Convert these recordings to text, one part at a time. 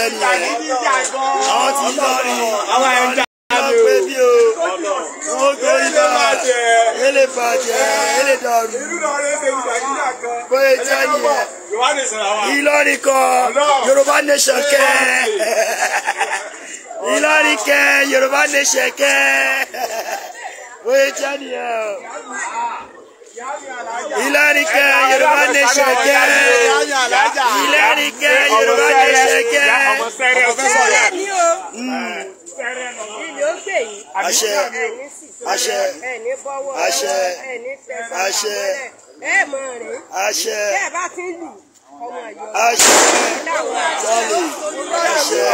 lẹ́nu rẹ̀ àwọn ti lọ rí àwọn ẹ̀ńdà pé bí o wọ́n gbé ibà ele bàjẹ́ ele dàrú bóyá jẹ́ nìyẹn Ìlọrin kan Yorùbá nation kẹ́ Ìlọrin kẹ́ Yorùbá nation kẹ́ bóyá jẹ́ nìyẹn Ìlọrin kẹ́ Yorùbá nation kẹ́ jẹ́ Yorùbá ní ṣe jẹ́ sẹ́rẹ̀ ni o sẹ́rẹ̀ nà kí ni ó pè yìí àṣẹ àṣẹ àṣẹ àṣẹ ẹ mọ̀ rẹ̀ àṣẹ bẹ́ẹ̀ bá ti ń lù àṣẹ jọlì àṣẹ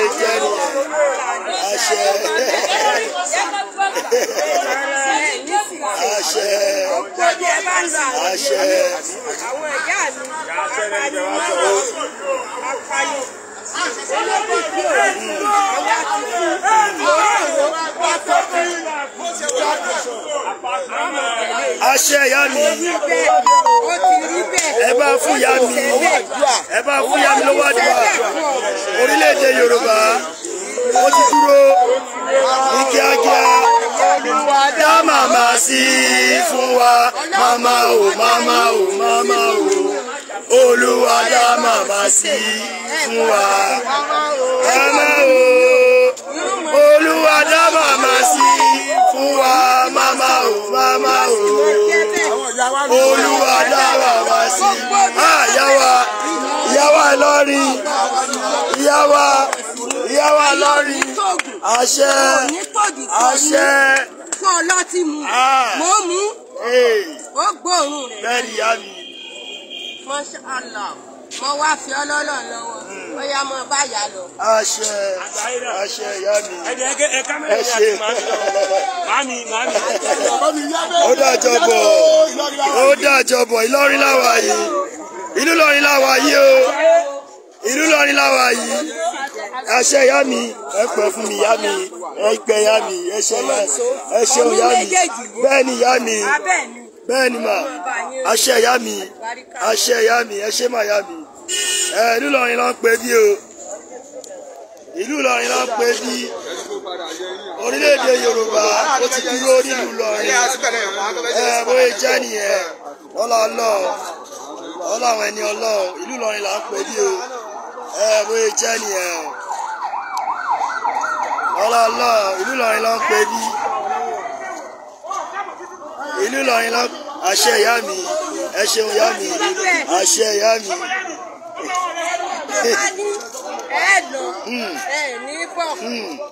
ìjẹrì àṣẹ àṣẹ dáńdà àwọn ẹ̀yà mi apanimọ́ra apayo olókìkí ò àwọn àtìkú ọ̀rọ̀ pàtàkì àṣẹ ìyá mi ẹ bá fún ìyá mi ẹ bá fún ìyá mi lọ́wọ́ àdúrà orílẹ̀-èdè Yorùbá ó ti dúró ní kíákíá dá màmá sí fún wa mama o mama o mama o olúwa dá màmá sí fún wa mama o olúwa dá màmá sí fún wa mama o mama o olúwa dá màmá sí àyàwá ah, ìyàwá ìlọrin ìyàwá ìyàwá ìlọrin àṣẹ àṣẹ. kọ́ ọ lọ́ọ́ ti mú mọ́ ó gbóòórùn rẹ̀. bẹ́ẹ̀ ni mi. masha allah mo wá fi ọlọ́lọ́ lọ́wọ́ ó yá mo bá yà lọ. àṣẹ àṣẹ ìyá mi. ẹni ẹgẹ ẹ kámẹ́rà yà sí màmí lọ màmí màmí. ó dàjọ bọ̀ ó dàjọ bọ̀ Ìlọrin láwa yìí ìlú Ìlọrin láwa yìí o ìlú Ìlọrin láwa yìí àṣẹ ìyá mi ẹ pẹ fún mi ìyá mi ẹ gbẹ ìyá mi ẹ ṣe ìyá ẹ ṣeun ìyá mi bẹ́ẹ̀ ni ìyá mi bẹ́ẹ̀ ni mà àṣẹ ìyá mi àṣẹ ìyá mi ẹ ṣe mà ìyá mi ẹ ìlú Ìlọrin ló ń pè bí o ìlú Ìlọrin ló ń pè bí orílẹ̀-èdè Yorùbá ó ti dúró nílùú Ìlọrin ẹ bóyá jẹ́ nìyẹn ọlọ́ọ̀lọ́ ọlọ́run ẹni ọlọ́run ìlú Ìlọrin là ń bí o ẹ bóyá jẹ́ nìyẹn ọlọ́ọ̀lọ́ ìlú Ìlọrin ló ń bí ìlú Ìlọrin lọ àṣẹ ìyá mi ẹ ṣeun ìyá mi àṣẹ ìyá mi. ẹ̀ẹ́dùn ẹ̀ẹ́ní bọ̀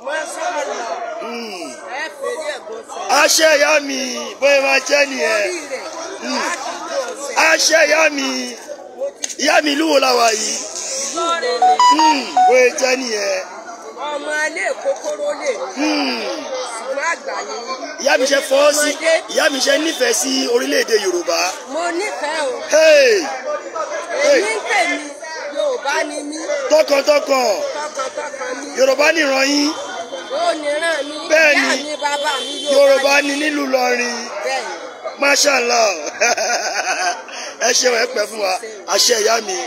mọ́sọ́ọ̀lọ́ ẹ̀ẹ́fẹ̀rí ẹ̀gbọ́sọ. àṣẹ ìyá mi bóyá máa jẹ́ nìyẹn hmm. àṣẹ ìyá mi ìyá mi ìlú wo yìí hmm, bóyá jẹ́ nìyẹn. ọmọ alẹ́ kòkòrò lè àgbà ni. ìyá mi ṣe fọ́ sí ìyá mi ṣe nífẹ̀ẹ́ sí orílẹ̀-èdè yorùbá. mo nífẹ̀ẹ́ o. èmi ń pè mí yorùbá ni mí. tọkàntọkàn yorùbá nìran yín. ó nìran mi ìyá mi bàbá mi yorùbá ni nílùú lọrin. máṣàlá ẹ ṣeun ẹ pẹ́ fún wa àṣẹ ìyá mi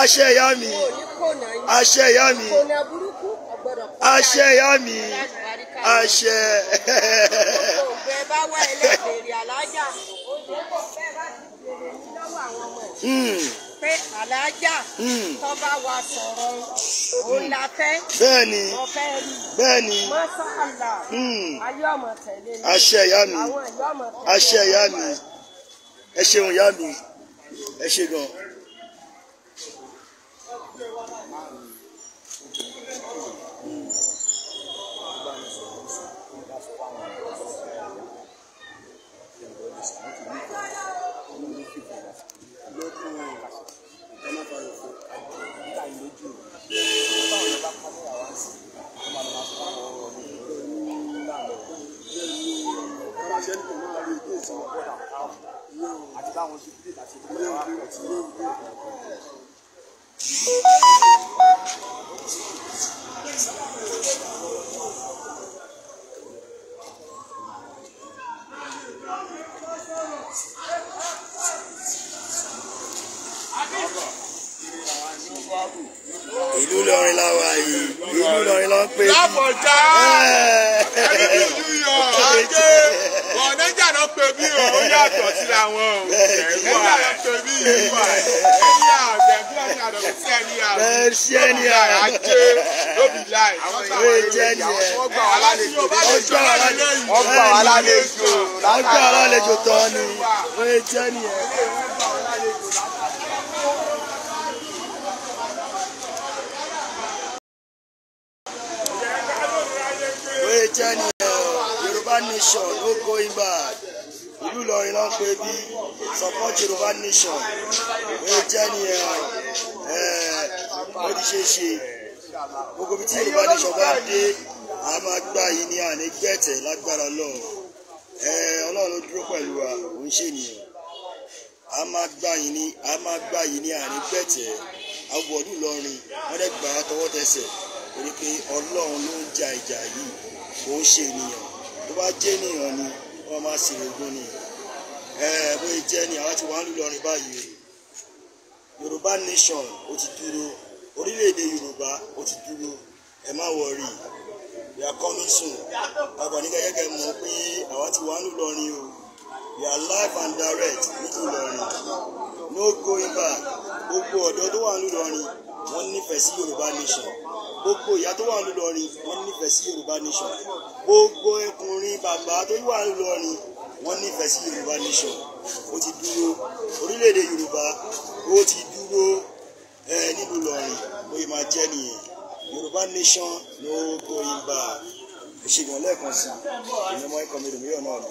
àṣẹ ìyá mi àṣẹ ìyá mi àṣẹ ìyá mi àṣẹ. ògbẹ bá wá ẹlẹ́bẹ̀rẹ̀ alájà ó lè kó fẹ́ bá ti bèrè ní lọ́wọ́ àwọn ọmọ ẹ̀. pé alájà tó bá wa sọ̀rọ̀ òun la fẹ́. bẹ́ẹ̀ni bẹ́ẹ̀ni mọ́sálà ayé ọmọ tẹ̀lé mi àṣẹ ìyá mi àṣẹ ìyá mi ẹ ṣeun ìyá mi ẹ ṣe gan. Thank you. báwọn ṣe dídè láti ìdílé wa pọ̀ ìlú lọrin la wà ìlú lọrin la ń pè é. lábọ̀dá ajé wọn nẹ́jà náà pè mí o ó yàtọ̀ síra wọn o nẹ́jà náà pè mí yìí wà ẹ̀yà bẹ̀rẹ̀ bí ọ̀nà sí ẹni àná sí ẹni àná ajé lóbi láì ó jẹ́ ni ẹ̀ ọgbà wà lálejò ọgbà wà lálejò tán ni ó jẹ́ ni ẹ̀. Jenny. One nation no going back ìlú Ìlọrin náà pé bí support Yoruba nation ó jẹ́ ní ó ti ṣe ṣe gbogbo ibi tí Yoruba nation bá dé a máa gbá yìí ní àná gbẹ̀tẹ̀ lágbára Ọlọ́run Ọlọ́run ló dúró pẹ̀lú wa òun ṣe nìyẹn a máa gbá yìí ní a máa gbá yìí ní àná gbẹ̀tẹ̀ awọ̀lú Ìlọrin wọ́n dẹ̀ gbà á tọwọ́ tẹsẹ̀ torí pé Ọlọ́run ló ń ja ìjà yìí òun ṣe ènìyàn tó bá jẹ́ nìyàn ni wọ́n máa ṣe ogun ni ẹ bó ṣe jẹ́ ni àwọn ti wà ń lọrin báyìí Yorùbá nation ó ti dúró orílẹ̀-èdè Yorùbá ó ti dúró ẹ má we are coming soon àgbà ní mọ̀ pé àwọn ti ń o "You are live and direct nínú Ìlọrin no going back gbogbo ọ̀dọ́ tó wà ń wọ́n nífẹ̀ẹ́ nation. gbogbo ìyá tó wà lọ́rin wọ́n nífẹ̀ẹ́ sí yorùbá nation gbogbo ẹkùnrin bàbá tó wà lọ́rin wọ́n nífẹ̀ẹ́ sí yorùbá nation ó ti dúró orílẹ̀-èdè yorùbá ó ti dúró ẹ nílùú lọ́rin ó yẹ máa jẹ́ nìyẹn yorùbá nation ló kó yín bá a ṣègùn lẹ́ẹ̀kan sí i ìyẹn mọ́ ẹ̀kọ́ mi lòmíràn náà lọ.